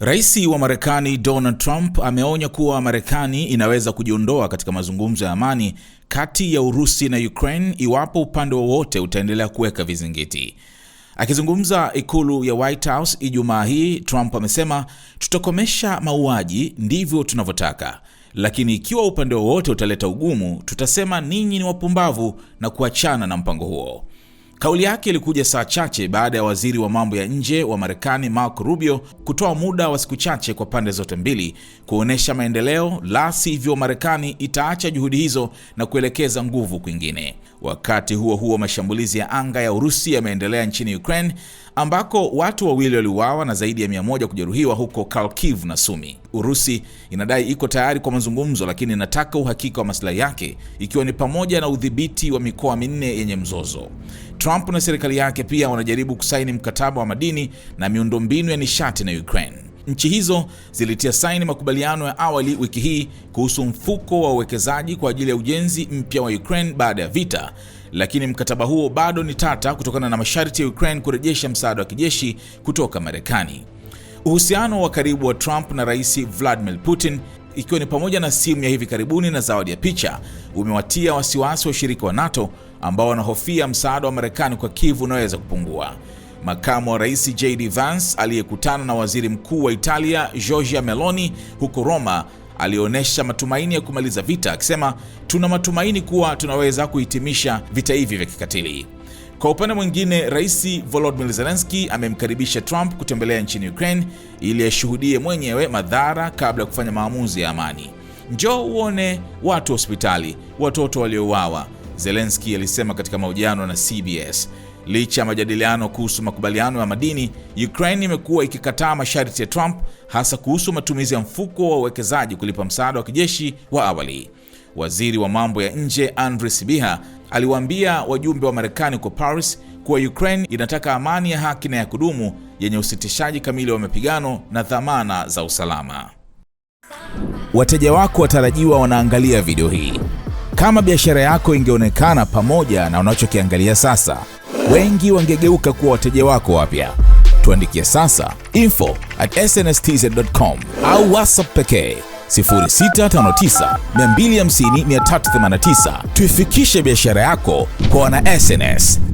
Rais wa Marekani Donald Trump ameonya kuwa Marekani inaweza kujiondoa katika mazungumzo ya amani kati ya Urusi na Ukraine iwapo upande wowote utaendelea kuweka vizingiti. Akizungumza ikulu ya White House Ijumaa hii, Trump amesema, tutakomesha mauaji, ndivyo tunavyotaka, lakini ikiwa upande wowote utaleta ugumu, tutasema ninyi ni wapumbavu na kuachana na mpango huo. Kauli yake ilikuja saa chache baada ya waziri wa mambo ya nje wa Marekani Marco Rubio kutoa muda wa siku chache kwa pande zote mbili kuonyesha maendeleo, la sivyo Marekani itaacha juhudi hizo na kuelekeza nguvu kwingine. Wakati huo huo, mashambulizi ya anga ya Urusi yameendelea nchini Ukraine ambako watu wawili waliuawa na zaidi ya mia moja kujeruhiwa huko Kharkiv na Sumi. Urusi inadai iko tayari kwa mazungumzo, lakini inataka uhakika wa maslahi yake, ikiwa ni pamoja na udhibiti wa mikoa minne yenye mzozo. Trump na serikali yake pia wanajaribu kusaini mkataba wa madini na miundombinu ya nishati na Ukraine. Nchi hizo zilitia saini makubaliano ya awali wiki hii kuhusu mfuko wa uwekezaji kwa ajili ya ujenzi mpya wa Ukraine baada ya vita, lakini mkataba huo bado ni tata kutokana na masharti ya Ukraine kurejesha msaada wa kijeshi kutoka Marekani. Uhusiano wa karibu wa Trump na Rais Vladimir Putin ikiwa ni pamoja na simu ya hivi karibuni na zawadi ya picha, umewatia wasiwasi wa ushiriki wa NATO ambao wanahofia msaada wa Marekani kwa kivu unaweza kupungua. Makamu wa Rais JD Vance aliyekutana na Waziri Mkuu wa Italia Giorgia Meloni huko Roma alionyesha matumaini ya kumaliza vita akisema, tuna matumaini kuwa tunaweza kuhitimisha vita hivi vya kikatili. Kwa upande mwingine, Rais Volodymyr Zelensky amemkaribisha Trump kutembelea nchini Ukraine ili ashuhudie mwenyewe madhara kabla ya kufanya maamuzi ya amani. Njoo uone watu hospitali, watoto waliouawa, Zelensky alisema katika mahojiano na CBS. Licha ya majadiliano kuhusu makubaliano ya madini, Ukraine imekuwa ikikataa masharti ya Trump, hasa kuhusu matumizi ya mfuko wa uwekezaji kulipa msaada wa kijeshi wa awali. Waziri wa mambo ya nje Andriy Sibiha aliwaambia wajumbe wa Marekani kwa Paris kuwa Ukraine inataka amani ya haki na ya kudumu yenye usitishaji kamili wa mapigano na dhamana za usalama. Wateja wako watarajiwa wanaangalia video hii. Kama biashara yako ingeonekana pamoja na unachokiangalia sasa, wengi wangegeuka kuwa wateja wako wapya. Tuandikie sasa info at snstz.com au WhatsApp pekee 0659250389. Tuifikishe biashara yako kwa wana SnS.